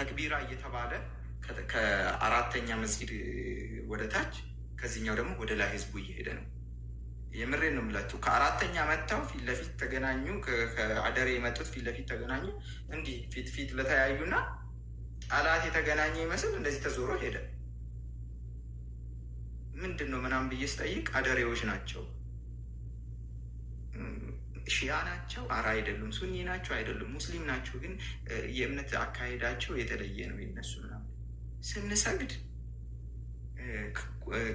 ተክቢራ እየተባለ ከአራተኛ መስጊድ ወደ ታች ከዚህኛው ደግሞ ወደ ላይ ህዝቡ እየሄደ ነው። የምሬ ነው የምላችሁ። ከአራተኛ መጥተው ፊት ለፊት ተገናኙ። ከአደሬ የመጡት ፊት ለፊት ተገናኙ። እንዲህ ፊት ፊት ለተያዩና ጠላት የተገናኘ ይመስል እንደዚህ ተዞሮ ሄደ። ምንድን ነው ምናምን ብዬ ስጠይቅ አደሬዎች ናቸው ሺያ ናቸው፣ አራ አይደሉም፣ ሱኒ ናቸው፣ አይደሉም፣ ሙስሊም ናቸው፣ ግን የእምነት አካሄዳቸው የተለየ ነው የነሱ ምናምን። ስንሰግድ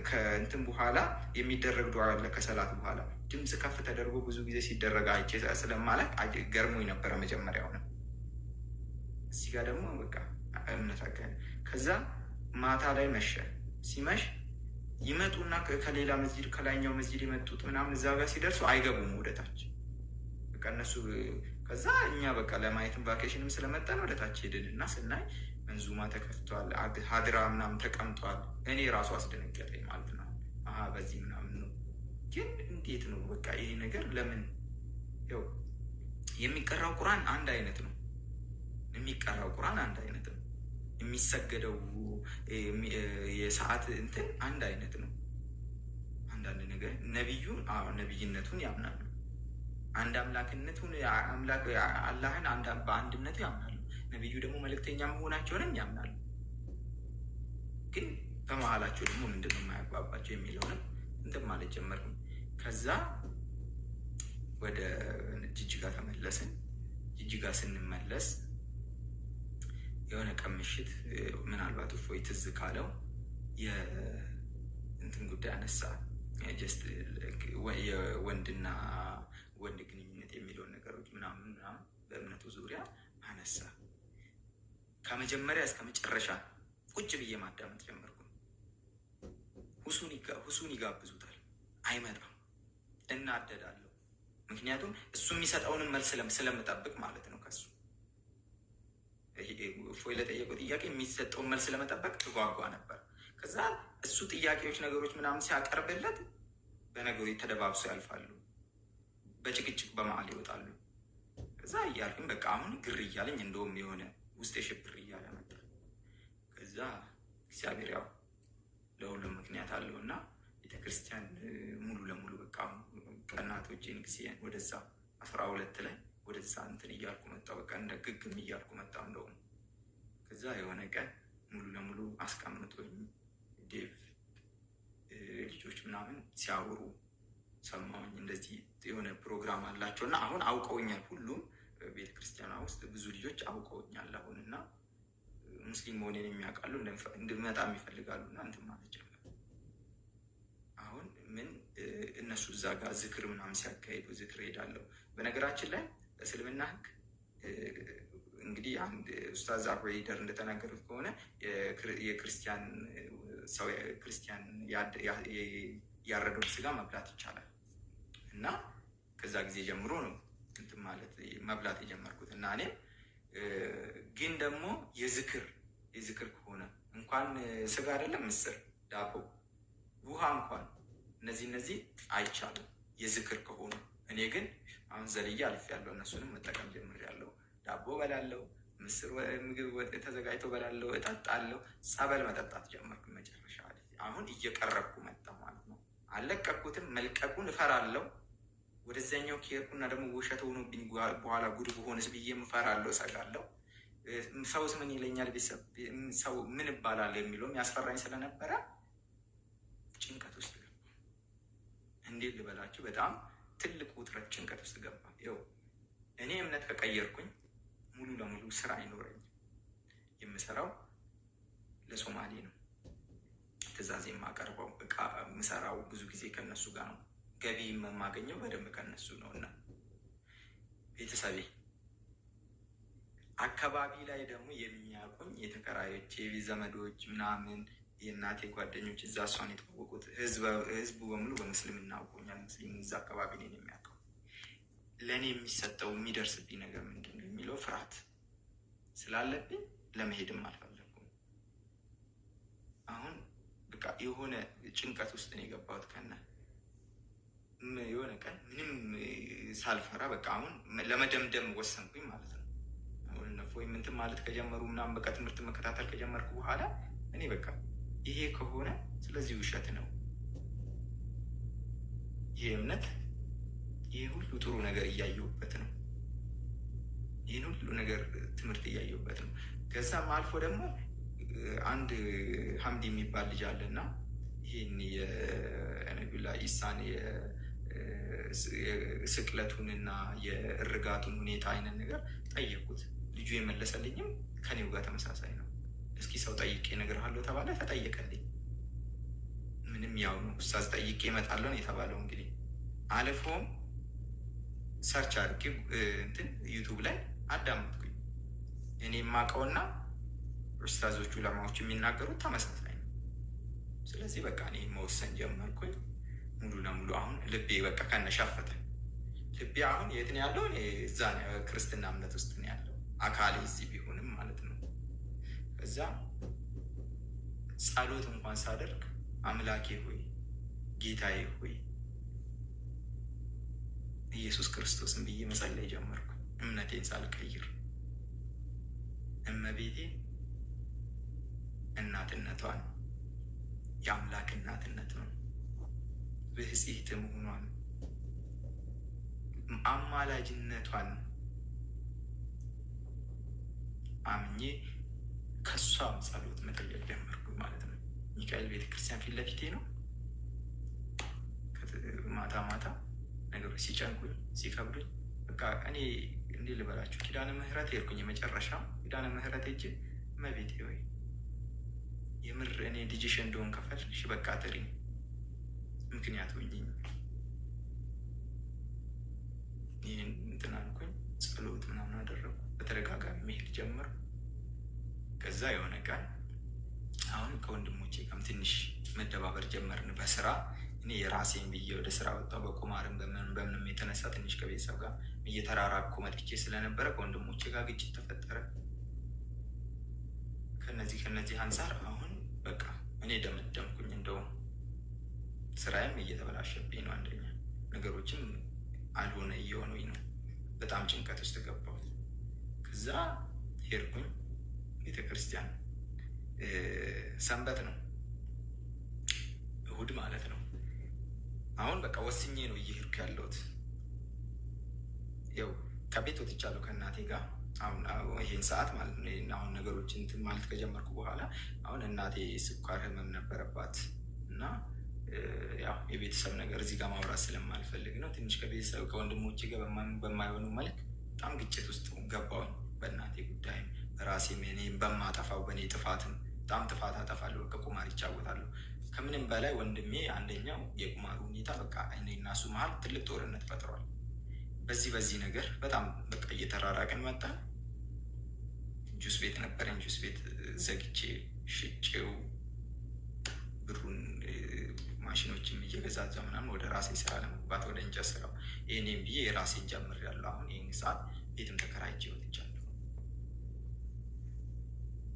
ከእንትን በኋላ የሚደረግ ዱዓ አለ ከሰላት በኋላ ድምፅ ከፍ ተደርጎ ብዙ ጊዜ ሲደረግ አይቼ ስለማለት ገርሞኝ ነበረ መጀመሪያው ነው። እዚህ ጋር ደግሞ በቃ እምነት አካሄድ ከዛ ማታ ላይ መሸ። ሲመሽ ይመጡና ከሌላ መስጂድ ከላይኛው መስጂድ የመጡት ምናምን እዛ ጋር ሲደርሱ አይገቡም ውደታች። በቃ እነሱ ከዛ እኛ በቃ ለማየትም ቫኬሽንም ስለመጣን ወደ ታች ሄድን እና ስናይ መንዙማ ተከፍቷል፣ ሀድራ ምናምን ተቀምጧል። እኔ ራሱ አስደነገጠኝ ማለት ነው። አሀ በዚህ ምናምን ነው። ግን እንዴት ነው በቃ ይሄ ነገር ለምን ው የሚቀራው ቁርአን አንድ አይነት ነው። የሚቀራው ቁርአን አንድ አይነት ነው። የሚሰገደው የሰዓት እንትን አንድ አይነት ነው። አንዳንድ ነገር ነቢዩን ነቢይነቱን ያምናሉ አንድ አምላክነቱን አምላክ አላህን በአንድነቱ ያምናሉ። ነቢዩ ደግሞ መልእክተኛ መሆናቸውንም ያምናሉ። ግን በመሀላቸው ደግሞ ምንድን ነው የማያግባባቸው የሚለውንም እንትን ማለት ጀመርም። ከዛ ወደ ጅጅጋ ተመለስን። ጅጅጋ ስንመለስ የሆነ ቀን ምሽት ምናልባት እፎይ ትዝ ካለው የእንትን ጉዳይ አነሳ የወንድና ወንድ ግንኙነት የሚለውን ነገሮች ምናምን ምናምን በእምነቱ ዙሪያ አነሳ። ከመጀመሪያ እስከ መጨረሻ ቁጭ ብዬ ማዳመጥ ጀመርኩ። ሁሱን ይጋብዙታል፣ አይመጣም። እናደዳለሁ። ምክንያቱም እሱ የሚሰጠውንም መልስ ስለምጠብቅ ማለት ነው። ከሱ እፎይ ለጠየቀው ጥያቄ የሚሰጠውን መልስ ለመጠበቅ ትጓጓ ነበር። ከዛ እሱ ጥያቄዎች ነገሮች ምናምን ሲያቀርብለት በነገሩ ተደባብሶ ያልፋሉ። በጭቅጭቅ በመሀል ይወጣሉ። ከዛ እያልክም በቃ አሁን ግር እያለኝ እንደውም የሆነ ውስጤ ሽብር እያለ መጣ። ከዛ እግዚአብሔር ያው ለሁሉም ምክንያት አለው እና ቤተክርስቲያን ሙሉ ለሙሉ በቃ ቀናቶቼን ጊዜን ወደዛ አስራ ሁለት ላይ ወደዛ እንትን እያልኩ መጣ። በቃ እንደ ግግም እያልኩ መጣ። እንደውም ከዛ የሆነ ቀን ሙሉ ለሙሉ አስቀምጦኝ ዴቭ ልጆች ምናምን ሲያወሩ ሰማሁኝ። እንደዚህ የሆነ ፕሮግራም አላቸው እና አሁን አውቀውኛል። ሁሉም ቤተክርስቲያኗ ውስጥ ብዙ ልጆች አውቀውኛል አሁን እና ሙስሊም መሆኔን የሚያውቃሉ እንድመጣ ይፈልጋሉ እና እንትን ማለት ጀመር። አሁን ምን እነሱ እዛ ጋር ዝክር ምናምን ሲያካሄዱ ዝክር ሄዳለሁ። በነገራችን ላይ እስልምና ህግ እንግዲህ አንድ ኡስታዝ አፕሬደር ሊደር እንደተናገሩት ከሆነ የክርስቲያን ሰው ክርስቲያን ያረደውን ስጋ መብላት ይቻላል። እና ከዛ ጊዜ ጀምሮ ነው እንትን ማለት መብላት የጀመርኩት እና እኔም ግን ደግሞ የዝክር የዝክር ከሆነ እንኳን ስጋ አይደለም ምስር፣ ዳቦ፣ ውሃ እንኳን እነዚህ እነዚህ አይቻልም የዝክር ከሆኑ። እኔ ግን አሁን ዘልዬ ያለው እነሱንም መጠቀም ጀምሬያለሁ። ዳቦ በላለው፣ ምስር ምግብ ተዘጋጅቶ በላለው፣ እጠጣለሁ። ጸበል መጠጣት ጀመርኩ መጨረሻ። አሁን እየቀረብኩ መጣሁ ማለት ነው። አልለቀኩትም፣ መልቀቁን እፈራለው። ወደዛኛው ኬርኩና ደግሞ ውሸት ሆኖብኝ በኋላ ጉድ በሆነስ ብዬ እፈራለሁ፣ እሰጋለው። ሰውስ ምን ይለኛል፣ ሰው ምን እባላለሁ የሚለውም ያስፈራኝ ስለነበረ ጭንቀት ውስጥ ገባ። እንዴት ልበላችሁ፣ በጣም ትልቅ ውጥረት፣ ጭንቀት ውስጥ ገባ። ይኸው እኔ እምነት ከቀየርኩኝ ሙሉ ለሙሉ ስራ አይኖረኝ። የምሰራው ለሶማሌ ነው። ትዕዛዝ የማቀርበው እቃ የምሰራው ብዙ ጊዜ ከነሱ ጋር ነው። ገቢ የማገኘው በደንብ ከነሱ ነው እና ቤተሰቤ አካባቢ ላይ ደግሞ የሚያውቁኝ የተከራዮች ዘመዶች ምናምን የእናቴ ጓደኞች እዛ እሷን የተዋወቁት ህዝቡ በሙሉ በምስልም እናውቁኛል። ሙስሊም እዛ አካባቢ ላይ ነው የሚያውቀው። ለእኔ የሚሰጠው የሚደርስብኝ ነገር ምንድን ነው የሚለው ፍርሃት ስላለብኝ ለመሄድም አልፈለኩም። አሁን በቃ የሆነ ጭንቀት ውስጥ ነው የገባሁት ከነ የሆነ ቀን ምንም ሳልፈራ በቃ አሁን ለመደምደም ወሰንኩኝ ማለት ነው። አሁን እነ እንትን ማለት ከጀመሩ ምናምን በቃ ትምህርት መከታተል ከጀመርኩ በኋላ እኔ በቃ ይሄ ከሆነ ስለዚህ ውሸት ነው ይህ እምነት ይህ ሁሉ ጥሩ ነገር እያየሁበት ነው። ይህን ሁሉ ነገር ትምህርት እያየሁበት ነው። ከዛም አልፎ ደግሞ አንድ ሀምድ የሚባል ልጅ አለና ይህን የነቢላ ኢሳን ስቅለቱንና የእርጋቱን ሁኔታ አይነት ነገር ጠየቁት። ልጁ የመለሰልኝም ከኔው ጋር ተመሳሳይ ነው። እስኪ ሰው ጠይቄ እነግርሃለሁ ተባለ። ተጠየቀልኝ። ምንም ያው ነው። ኡስታዝ ጠይቄ እመጣለሁ ነው የተባለው። እንግዲህ አልፎም ሰርች አድርጌ እንትን ዩቱብ ላይ አዳመጥኩኝ። እኔ የማውቀውና ኡስታዞቹ ለማዎች የሚናገሩት ተመሳሳይ ነው። ስለዚህ በቃ እኔ መወሰን ጀመርኩኝ። አሁን ልቤ በቃ ከነሻፈተ ልቤ አሁን የት ነው ያለው? እዛ ክርስትና እምነት ውስጥ ነው ያለው። አካል እዚህ ቢሆንም ማለት ነው። እዛ ጸሎት እንኳን ሳደርግ አምላኬ ሆይ ጌታዬ ሆይ ኢየሱስ ክርስቶስን ብዬ መጸለይ ጀመርኩ። እምነቴን ሳልቀይር እመቤቴ እናትነቷን የአምላክ እናትነት ነው ብሕጽት መሆኗን አማላጅነቷን አምኜ ከሷም ጸሎት መጠየቅ ጀመርኩ ማለት ነው። ሚካኤል ቤተክርስቲያን ፊት ለፊቴ ነው። ማታ ማታ ነገሮች ሲጨንቁኝ ሲከብዱኝ፣ በቃ እኔ እንዲህ ልበላችሁ ኪዳነ ምሕረት ሄድኩኝ። የመጨረሻ ኪዳነ ምሕረት እጅ መቤቴ ወይ የምር እኔ ልጅሽ እንደሆን ከፈልሽ በቃ ትሪኝ ምክንያት ሆኝኝ ይህን እንትን አልኩኝ። ጸሎት ምናምን አደረጉ። በተደጋጋሚ መሄድ ጀምር ከዛ የሆነ ቀን አሁን ከወንድሞቼ ጋርም ትንሽ መደባበር ጀመርን በስራ እኔ የራሴን ብዬ ወደ ስራ ወጣሁ። በቁማርም በምንም የተነሳ ትንሽ ከቤተሰብ ጋር እየተራራኩ መጥቼ ስለነበረ ከወንድሞቼ ጋር ግጭት ተፈጠረ። ከነዚህ ከነዚህ አንጻር አሁን በቃ እኔ ደመደምኩኝ እንደውም ስራዬም እየተበላሸብኝ ነው። አንደኛ ነገሮችን አልሆነ እየሆኑኝ ነው። በጣም ጭንቀት ውስጥ ገባሁ። ከዛ ሄድኩኝ ቤተክርስቲያን። ሰንበት ነው እሁድ ማለት ነው። አሁን በቃ ወስኜ ነው እየሄድኩ ያለሁት። ያው ከቤት ወጥቻለሁ ከእናቴ ጋር አሁን ይሄን ሰዓት ማለት ነው። አሁን ነገሮችን እንትን ማለት ከጀመርኩ በኋላ አሁን እናቴ ስኳር ህመም ነበረባት እና ያው የቤተሰብ ነገር እዚህ ጋር ማብራት ስለማልፈልግ ነው። ትንሽ ከቤተሰብ ከወንድሞች ጋር በማይሆኑ መልክ በጣም ግጭት ውስጥ ገባውን በእናቴ ጉዳይም በራሴም እኔም በማጠፋው በእኔ ጥፋትም በጣም ጥፋት አጠፋለሁ። ከቁማር ይጫወታለሁ። ከምንም በላይ ወንድሜ አንደኛው የቁማሩ ሁኔታ በቃ እኔ እና እሱ መሀል ትልቅ ጦርነት ፈጥሯል። በዚህ በዚህ ነገር በጣም በቃ እየተራራቅን መጣ። ጁስ ቤት ነበረኝ። ጁስ ቤት ዘግቼ ሽጬው ብሩን ማሽኖችም እየገዛዛ ምናምን ወደ ራሴ ስራ ለመግባት ወደ እንጨት ስራው ይህኔም ብዬ የራሴን ያለው አሁን ይህን ሰዓት ቤትም ተከራይቼ ወጥቻለሁ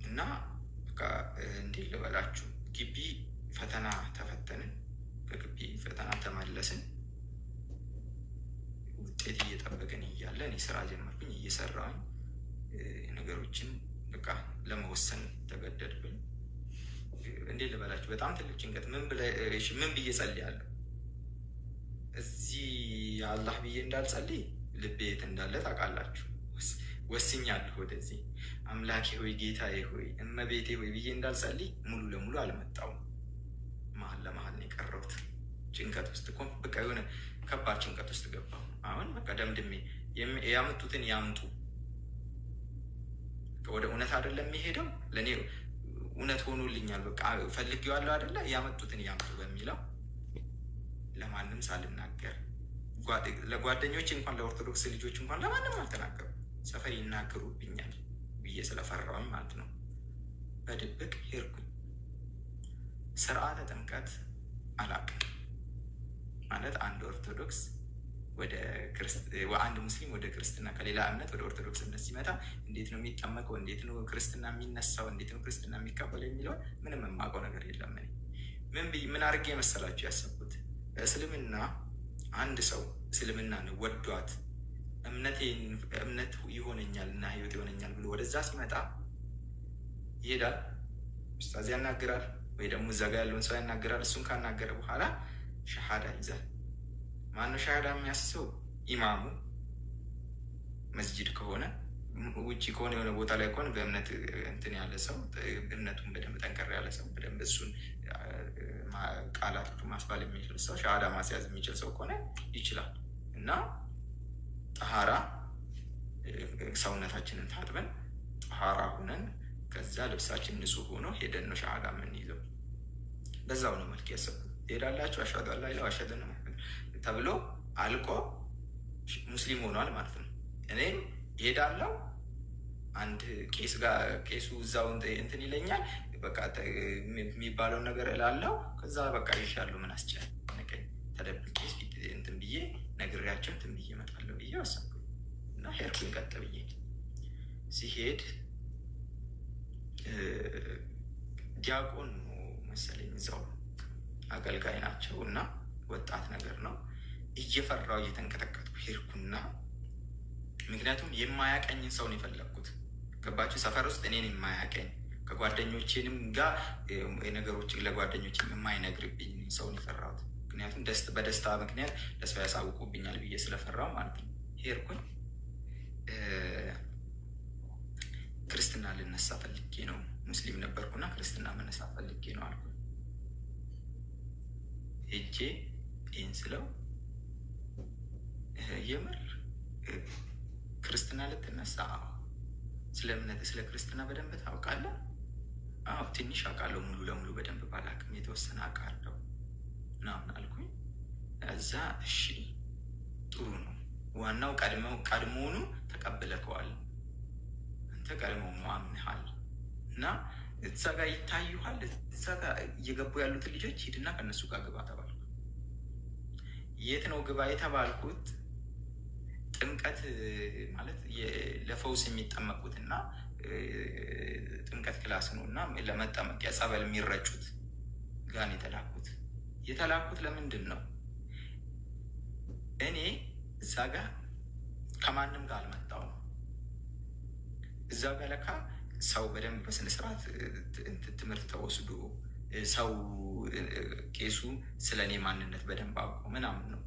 እና እንዴት ልበላችሁ ግቢ ፈተና ተፈተንን፣ ከግቢ ፈተና ተመለስን። ውጤት እየጠበቅን እያለን እኔ ስራ ጀመርኩኝ። እየሰራሁኝ ነገሮችን በቃ ለመወሰን ተገደድብን። እንዴ ልበላችሁ፣ በጣም ትልቅ ጭንቀት። ምን ብዬ ጸልያለሁ? እዚህ አላህ ብዬ እንዳልጸልይ ልቤ የት እንዳለ ታውቃላችሁ። ወስኛለሁ። ወደዚህ አምላኬ ሆይ ጌታዬ ሆይ እመቤቴ ሆይ ብዬ እንዳልጸልይ ሙሉ ለሙሉ አልመጣውም። መሀል ለመሀል ነው የቀረሁት። ጭንቀት ውስጥ እኮ በቃ የሆነ ከባድ ጭንቀት ውስጥ ገባሁ። አሁን በቃ ደምድሜ ያምጡትን ያምጡ ወደ እውነት አይደለም የሚሄደው ለእኔ እውነት ሆኖልኛል፣ በቃ ፈልጌዋለሁ አይደለ ያመጡትን ያምጡ በሚለው ለማንም ሳልናገር ለጓደኞች እንኳን ለኦርቶዶክስ ልጆች እንኳን ለማንም አልተናገሩ ሰፈር ይናገሩብኛል ብዬ ስለፈራውም ማለት ነው። በድብቅ ሄድኩኝ። ስርዓተ ጥምቀት አላቅም? ማለት አንድ ኦርቶዶክስ አንድ ሙስሊም ወደ ክርስትና ከሌላ እምነት ወደ ኦርቶዶክስ እምነት ሲመጣ እንዴት ነው የሚጠመቀው? እንዴት ነው ክርስትና የሚነሳው? እንዴት ነው ክርስትና የሚቀበለው የሚለውን ምንም የማውቀው ነገር የለም። ምን ምን አድርጌ መሰላችሁ ያሰብኩት እስልምና አንድ ሰው እስልምናን ወዷት እምነት ይሆነኛል እና ህይወት ይሆነኛል ብሎ ወደዛ ሲመጣ ይሄዳል፣ ኡስታዝ ያናግራል፣ ወይ ደግሞ እዛ ጋ ያለውን ሰው ያናግራል። እሱን ካናገረ በኋላ ሸሃዳ ይዛል። ማን ነው ሻሃዳ የሚያስሰው? ኢማሙ መስጂድ ከሆነ ውጭ ከሆነ የሆነ ቦታ ላይ ከሆነ በእምነት እንትን ያለ ሰው እምነቱን በደንብ ጠንከር ያለ ሰው በደንብ እሱን ቃላቶቹ ማስባል የሚችል ሰው ሻሃዳ ማስያዝ የሚችል ሰው ከሆነ ይችላል። እና ጠሃራ ሰውነታችንን ታጥበን ጠሃራ ሆነን ከዛ ልብሳችን ንጹህ ሆኖ ሄደን ነው ሻሃዳ የምንይዘው። በዛው ነው መልክ ያሰብኩት። ትሄዳላችሁ አሻዱ አላ ላ አሻደ ነው ተብሎ አልቆ ሙስሊም ሆኗል ማለት ነው። እኔም እሄዳለሁ አንድ ቄስ ጋር ቄሱ እዛው እንትን ይለኛል፣ በቃ የሚባለው ነገር እላለው። ከዛ በቃ ይሻሉ ምን አስጨነቀኝ፣ ተደብቄ ፊት እንትን ብዬ ነግሬያቸው እንትን ብዬ እመጣለሁ ብዬ ወሰንኩ እና ሄድኩኝ ቀጥ ብዬ ሲሄድ ዲያቆን መሰለኝ እዛው አገልጋይ ናቸው እና ወጣት ነገር ነው እየፈራው እየተንቀጠቀጥኩ ሄድኩና ምክንያቱም የማያቀኝን ሰውን የፈለግኩት ገባችሁ። ሰፈር ውስጥ እኔን የማያቀኝ ከጓደኞቼንም ጋር ነገሮች ለጓደኞች የማይነግርብኝ ሰውን የፈራሁት ምክንያቱም በደስታ ምክንያት ለሰው ያሳውቁብኛል ብዬ ስለፈራው ማለት ነው። ሄድኩኝ ክርስትና ልነሳ ፈልጌ ነው። ሙስሊም ነበርኩና ክርስትና መነሳ ፈልጌ ነው አልኩኝ። ሄጄ ይህን ስለው የምር ክርስትና ልትነሳ ስለ እምነት ስለ ክርስትና በደንብ ታውቃለህ? አዎ ትንሽ አውቃለሁ፣ ሙሉ ለሙሉ በደንብ ባላውቅም የተወሰነ አውቃለሁ ምናምን አልኩኝ። እዛ እሺ ጥሩ ነው፣ ዋናው ቀድሞውኑ ተቀብለከዋል። አንተ ቀድሞው አምንሃል እና እዛ ጋር ይታዩሃል። እዛ ጋር እየገቡ ያሉትን ልጆች ሂድና ከእነሱ ጋር ግባ ተባልኩ። የት ነው ግባ የተባልኩት? ጥምቀት ማለት ለፈውስ የሚጠመቁት እና ጥምቀት ክላስ ነው እና ለመጠመቂያ ጸበል የሚረጩት ጋን የተላኩት የተላኩት ለምንድን ነው? እኔ እዛ ጋ ከማንም ጋር አልመጣው ነው። እዛ ለካ ሰው በደንብ በስነስርዓት ትምህርት ተወስዶ ሰው ቄሱ ስለ እኔ ማንነት በደንብ አውቆ ምናምን ነው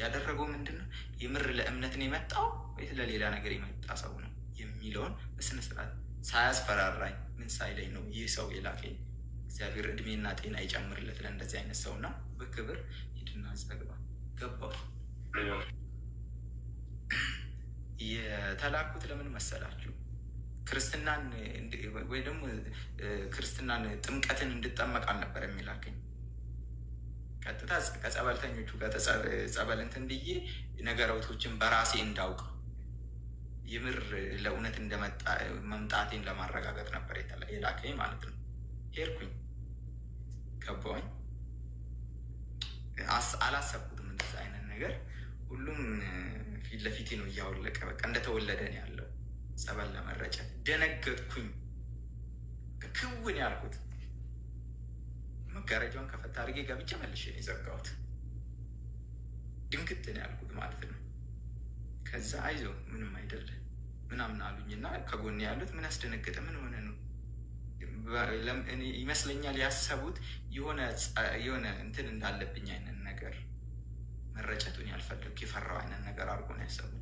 ያደረገው ምንድን ነው? የምር ለእምነት ነው የመጣው ወይስ ለሌላ ነገር የመጣ ሰው ነው የሚለውን በስነ ስርዓት ሳያስፈራራኝ ምን ሳይለኝ ነው ይህ ሰው የላከኝ። እግዚአብሔር እድሜና ጤና ይጨምርለት ለእንደዚህ አይነት ሰው ነው። በክብር ሂድና ዘግባ ገባው። የተላኩት ለምን መሰላችሁ? ክርስትናን ወይ ደግሞ ክርስትናን ጥምቀትን እንድጠመቅ አልነበር የሚላከኝ ቀጥታ ከጸበልተኞቹ ጋር ጸበል እንትን ብዬ ነገሮቶችን በራሴ እንዳውቅ የምር ለእውነት እንደመጣ መምጣቴን ለማረጋገጥ ነበር የላከኝ ማለት ነው። ሄድኩኝ፣ ገባሁኝ። አላሰብኩትም እንደዚ አይነት ነገር። ሁሉም ፊት ለፊቴ ነው እያወለቀ በቃ እንደተወለደ ነው ያለው። ጸበል ለመረጨት ደነገጥኩኝ፣ ክውን ያልኩት መጋረጃውን ከፈት አድርጌ ገብቼ መልሼ ነው የዘጋሁት። ድንግጥ ነው ያልኩት ማለት ነው። ከዛ አይዞ ምንም አይደለ ምናምን አሉኝ እና ከጎን ያሉት ምን ያስደነገጠ ምን ሆነ ነው ይመስለኛል ያሰቡት የሆነ እንትን እንዳለብኝ አይነት ነገር መረጨቱን ያልፈለግኩ የፈራው አይነት ነገር አድርጎ ነው ያሰቡት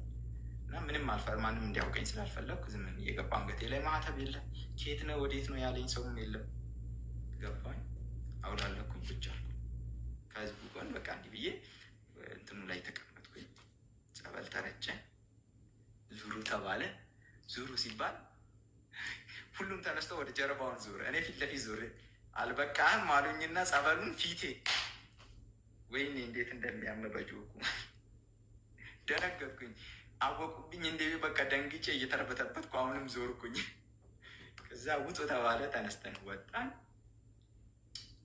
እና ምንም አልፈር ማንም እንዲያውቀኝ ስላልፈለግኩ ዝም እየገባ አንገቴ ላይ ማህተብ የለም። ኬት ነው ወዴት ነው ያለኝ ሰውም የለም። ገባኝ አውላለኩኝ ቁጭ አልኩኝ ከህዝቡ ጎን በቃ እንዲህ ብዬ እንትኑ ላይ ተቀመጥኩኝ። ጸበል ተረጨ፣ ዙሩ ተባለ። ዙሩ ሲባል ሁሉም ተነስቶ ወደ ጀርባውን ዙር፣ እኔ ፊት ለፊት ዙር። አልበቃህም አሉኝና ጸበሉን ፊቴ ወይኔ እንዴት እንደሚያምበጅ ደነገጥኩኝ። አወቁብኝ እንደ በቃ ደንግጬ እየተረበተበትኩ አሁንም ዞርኩኝ። ከዛ ውጡ ተባለ። ተነስተን ወጣን።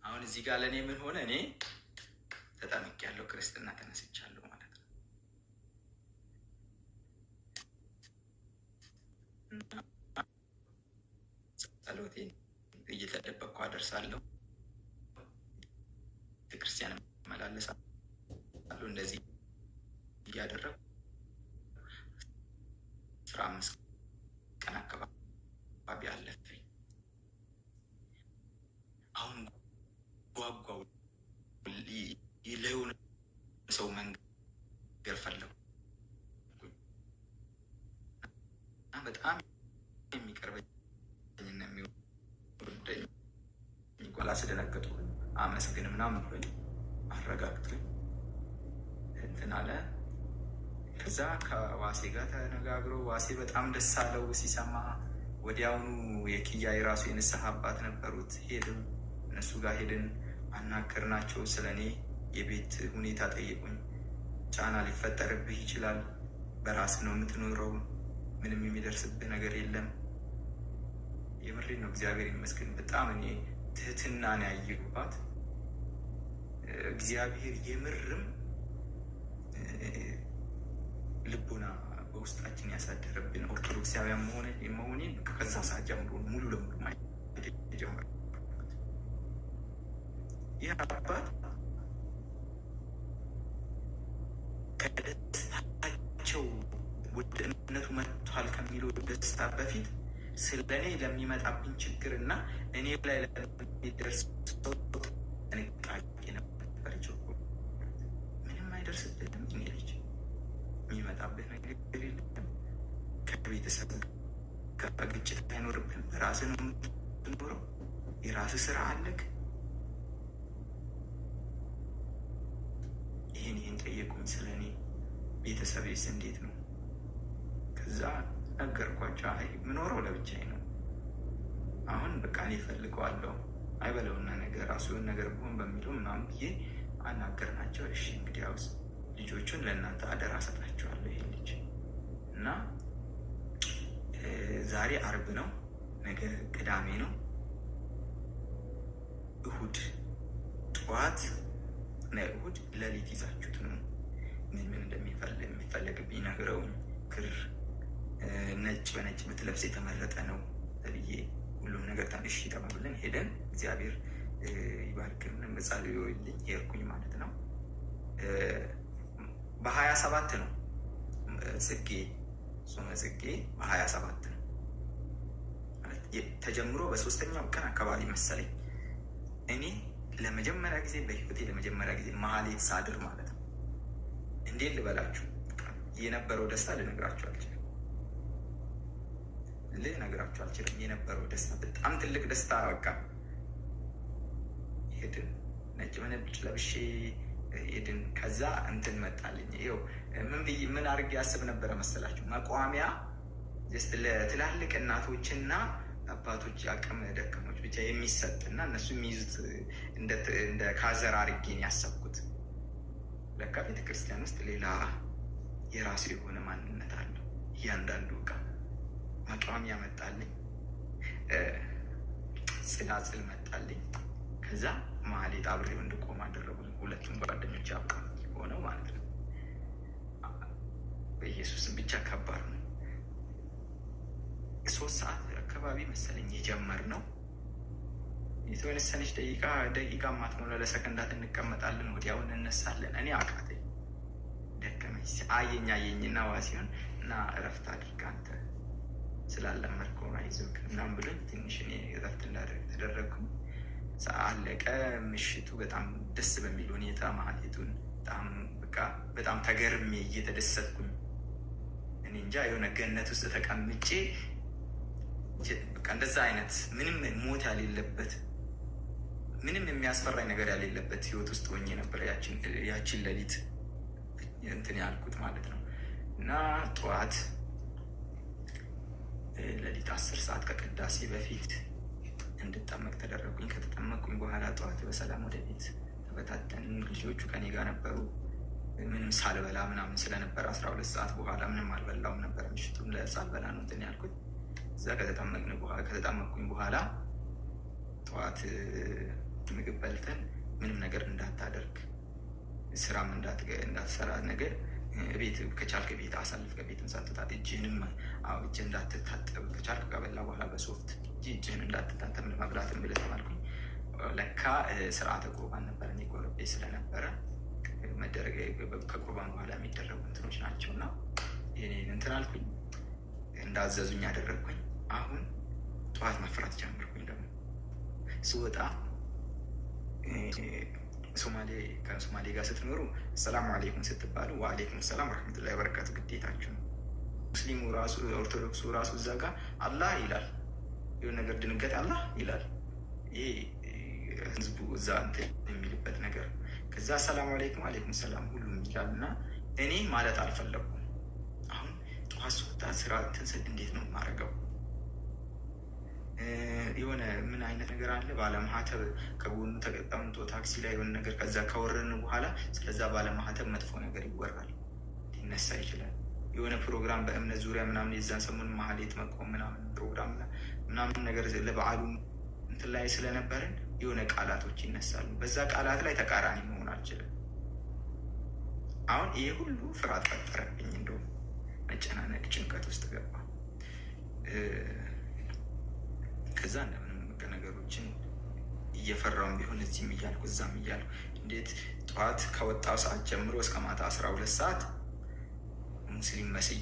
አሁን እዚህ ጋር ለእኔ ምን ሆነ? እኔ ተጠምቅ ያለው ክርስትና ተነስቻለሁ ማለት ነው። ጸሎቴ እየተደበቅኩ አደርሳለሁ፣ ቤተክርስቲያን መላለሳለሁ። እንደዚህ እያደረግኩ እንትን አለ። ከዛ ከዋሴ ጋር ተነጋግሮ ዋሴ በጣም ደስ አለው ሲሰማ። ወዲያውኑ የክያ የራሱ የንስሐ አባት ነበሩት። ሄድም እነሱ ጋር ሄድን፣ አናገርናቸው። ስለ እኔ የቤት ሁኔታ ጠየቁኝ። ጫና ሊፈጠርብህ ይችላል፣ በራስ ነው የምትኖረው፣ ምንም የሚደርስብህ ነገር የለም። የምሬ ነው። እግዚአብሔር ይመስገን። በጣም እኔ ትህትናን ያየሁባት እግዚአብሔር የምርም ልቦና በውስጣችን ያሳደረብን ኦርቶዶክሳውያን መሆኔን ከዛ ሰዓት ጀምሮ ሙሉ ለሙሉ ጀመር። ይህ አባት ከደስታቸው ወደ እምነቱ መጥቷል ከሚለው ደስታ በፊት ስለ እኔ ለሚመጣብኝ እና እኔ ላይ ለሚደርስ ሰው አናገር ናቸው። እሺ እንግዲህ ያው ልጆቹን ለእናንተ አደራ ሰጣቸዋለሁ። ይሄ ልጅ እና ዛሬ አርብ ነው፣ ነገ ቅዳሜ ነው። እሁድ ጠዋት ና እሁድ ለሊት ይዛችሁት ነው። ምን ምን የሚፈለግብኝ ነግረውኝ፣ ክር ነጭ በነጭ ብትለብስ የተመረጠ ነው ብዬ ሁሉም ነገር ታንሽ ተባብለን ሄደን እግዚአብሔር ይባርክልን መጻል ይወልኝ የልኩኝ ማለት ነው። በሀያ ሰባት ነው ጽጌ ጾመ ጽጌ በሀያ ሰባት ነው ተጀምሮ በሶስተኛው ቀን አካባቢ መሰለኝ እኔ ለመጀመሪያ ጊዜ በህይወቴ ለመጀመሪያ ጊዜ መሀሌት ሳድር ማለት ነው። እንዴት ልበላችሁ የነበረው ደስታ ልነግራችሁ አልችልም፣ ልነግራችሁ አልችልም። የነበረው ደስታ በጣም ትልቅ ደስታ በቃ ሄድን። ነጭ መነጭ ለብሼ ሄድን። ከዛ እንትን መጣልኝ። ይኸው ምን ብዬ ምን አድርጌ ያስብ ነበረ መሰላችሁ? መቋሚያ ለትላልቅ እናቶችና አባቶች አቅም ደከሞች ብቻ የሚሰጥ እና እነሱ የሚይዙት እንደ ካዘር አድርጌን ያሰብኩት። ለካ ቤተክርስቲያን ውስጥ ሌላ የራሱ የሆነ ማንነት አለው። እያንዳንዱ እቃ መቋሚያ መጣልኝ፣ ጽላጽል መጣልኝ። ከዛ መሀል አብሬው እንድቆም አደረጉ። ሁለቱም ጓደኞች ያውቃ ሆነው ማለት ነው። በኢየሱስም ብቻ ከባድ ነው። ሶስት ሰዓት አካባቢ መሰለኝ የጀመር ነው። የተወሰነች ደቂቃ ደቂቃ ማትሞላ ለሰከንዳት እንቀመጣለን፣ ወዲያው እነሳለን። እኔ አቃተኝ፣ ደከመኝ። አየኝ አየኝ እና ዋ ሲሆን እና እረፍት አድርግ አንተ ስላለመድከውን አይዞህ ምናምን ብሎኝ ትንሽ እኔ እረፍት እንዳደረግ ተደረግኩኝ። አለቀ። ምሽቱ በጣም ደስ በሚል ሁኔታ መሀሌቱን በጣም በቃ በጣም ተገርሜ እየተደሰትኩኝ እኔ እንጃ የሆነ ገነት ውስጥ ተቀምጬ በቃ እንደዛ አይነት ምንም ሞት ያሌለበት ምንም የሚያስፈራኝ ነገር ያሌለበት ህይወት ውስጥ ሆኜ ነበር ያችን ሌሊት እንትን ያልኩት ማለት ነው። እና ጠዋት ሌሊት አስር ሰዓት ከቅዳሴ በፊት እንድጠመቅ ተደረጉኝ። ከተጠመቁኝ በኋላ ጠዋት በሰላም ወደ ቤት ተበታተን። ልጆቹ ከኔ ጋር ነበሩ። ምንም ሳልበላ ምናምን ስለነበር አስራ ሁለት ሰዓት በኋላ ምንም አልበላውም ነበር። ምሽቱም ለሳልበላ ነው እንትን ያልኩት። እዛ ከተጠመቅኩኝ በኋላ ጠዋት ምግብ በልተን ምንም ነገር እንዳታደርግ ስራም እንዳትሰራ ነገር ቤት ከቻልክ ቤት አሳልፍ ከቤት እንሳትታት እጅህንም እጅህ እንዳትታጠብ ከቻልክ ከበላ በኋላ በሶፍት እጅህን እንዳትታጠብ መብላትን ብለህ ተማልኩኝ። ለካ ስርዓተ ቁርባን ነበረ እኔ ቆርቤ ስለነበረ መደረገ ከቁርባን በኋላ የሚደረጉ እንትኖች ናቸው እና ይህንን እንትን አልኩኝ፣ እንዳዘዙኝ ያደረግኩኝ አሁን ጠዋት መፍራት ጀምርኩኝ። ደግሞ ስወጣ ሶማሌ ከሶማሌ ጋር ስትኖሩ ሰላም አሌይኩም ስትባሉ ወአሌይኩም ሰላም ረመቱላ በረካቱ ግዴታችሁ ነው። ሙስሊሙ ራሱ ኦርቶዶክሱ ራሱ እዛ ጋር አላህ ይላል፣ የሆነ ነገር ድንገት አላህ ይላል። ይሄ ህዝቡ እዛ እንትን የሚልበት ነገር ከዛ ሰላም አሌይኩም አሌይኩም ሰላም ሁሉም ይላል። እና እኔ ማለት አልፈለኩም። አሁን ጠዋት ስወጣ ስራ እንትን ስል እንዴት ነው የማደርገው? አይነት ነገር አለ። ባለማህተብ ከጎኑ ተቀምጦ ታክሲ ላይ የሆነ ነገር ከዛ ከወረን በኋላ ስለዛ ባለማህተብ መጥፎ ነገር ይወራል፣ ሊነሳ ይችላል። የሆነ ፕሮግራም በእምነት ዙሪያ ምናምን የዛን ሰሞን መሀሌት መቆም ምናምን ፕሮግራም ምናምን ነገር ለበዓሉ እንትን ላይ ስለነበርን የሆነ ቃላቶች ይነሳሉ። በዛ ቃላት ላይ ተቃራኒ መሆን አልችልም። አሁን ይሄ ሁሉ ፍርሃት ፈጠረብኝ። እንደውም መጨናነቅ፣ ጭንቀት ውስጥ ገባ ከዛ እየፈራውን ቢሆን እዚህም እያልኩ እዛም እያልኩ እንዴት ጠዋት ከወጣው ሰዓት ጀምሮ እስከ ማታ አስራ ሁለት ሰዓት ሙስሊም መስዬ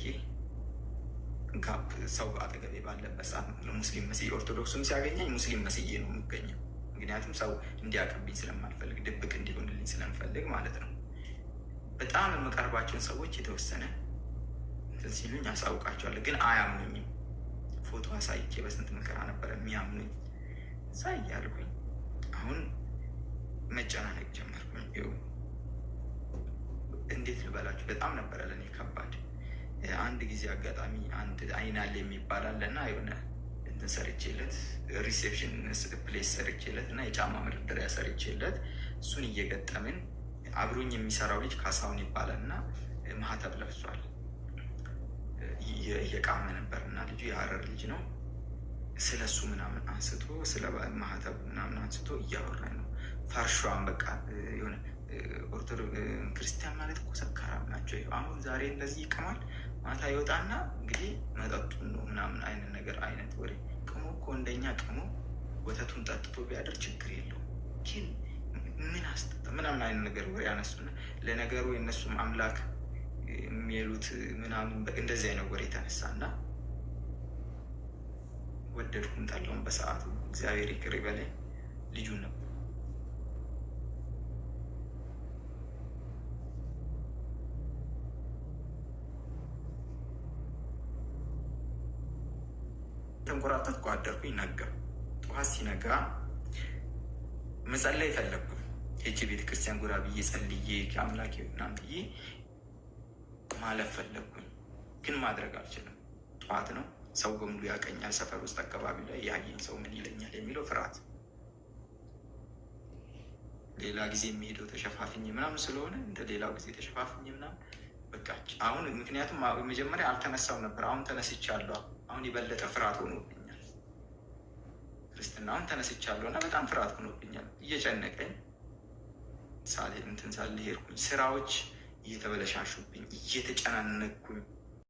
ጋፕ ሰው አጠገቤ ባለበት ሰዓት ሙስሊም መስዬ ኦርቶዶክሱም ሲያገኘኝ ሙስሊም መስዬ ነው የሚገኘው። ምክንያቱም ሰው እንዲያቅብኝ ስለማልፈልግ ድብቅ እንዲሆንልኝ ስለምፈልግ ማለት ነው። በጣም የምቀርባቸውን ሰዎች የተወሰነ እንትን ሲሉኝ አሳውቃቸዋለሁ፣ ግን አያምኑኝም። ፎቶ አሳይቼ በስንት መከራ ነበረ የሚያምኑኝ እዛ እያልኩኝ አሁን መጨናነቅ ጀመርኩ እንዴት ልበላችሁ በጣም ነበረ ለእኔ ከባድ። አንድ ጊዜ አጋጣሚ አንድ አይናል የሚባል አለና የሆነ እንትን ሰርቼለት ሪሴፕሽን ፕሌስ ሰርቼለት እና የጫማ መደርደሪያ ሰርቼለት እሱን እየገጠምን አብሮኝ የሚሰራው ልጅ ካሳሁን ይባላል እና ማህተብ ለብሷል። እየቃመ ነበር እና ልጁ የሀረር ልጅ ነው። ስለ እሱ ምናምን አንስቶ ስለ ማህተቡ ምናምን አንስቶ እያወራኝ ነው። ፋርሿን በቃ የሆነ ክርስቲያን ማለት እኮ ሰካራም ናቸው። አሁን ዛሬ እንደዚህ ይቅማል፣ ማታ ይወጣና እንግዲህ መጠጡ ነው ምናምን አይነት ነገር አይነት ወሬ ቅሞ እኮ እንደኛ ቅሞ ወተቱን ጠጥቶ ቢያደር ችግር የለውም ግን ምን አስጠጠ ምናምን አይነት ነገር ወሬ ያነሱና ለነገሩ የነሱም አምላክ የሚሉት ምናምን እንደዚህ አይነት ወሬ የተነሳ እና ወደድኩም ጠላውም በሰዓቱ እግዚአብሔር ይቅር ይበለኝ ልጁ ነበር። ተንኮራተትኩ አደርኩኝ። ነጋ። ጠዋት ሲነጋ መጸለይ ፈለግኩ። ሄጄ ቤተ ክርስቲያን ጎራ ብዬ ጸልዬ ከአምላክ ምናምን ብዬ ማለፍ ፈለግኩኝ፣ ግን ማድረግ አልችልም። ጠዋት ነው ሰው በሙሉ ያቀኛል። ሰፈር ውስጥ አካባቢ ላይ ያየኝ ሰው ምን ይለኛል የሚለው ፍርሃት፣ ሌላ ጊዜ የሚሄደው ተሸፋፍኝ ምናምን ስለሆነ እንደ ሌላው ጊዜ ተሸፋፍኝ ምናምን በቃ አሁን ምክንያቱም መጀመሪያ አልተነሳው ነበር። አሁን ተነስቻለሁ። አሁን የበለጠ ፍርሃት ሆኖብኛል። ክርስትና አሁን ተነስቻለሁ እና በጣም ፍርሃት ሆኖብኛል። እየጨነቀኝ ሳል እንትን ሳልሄድኩኝ ስራዎች እየተበለሻሹብኝ እየተጨናነኩኝ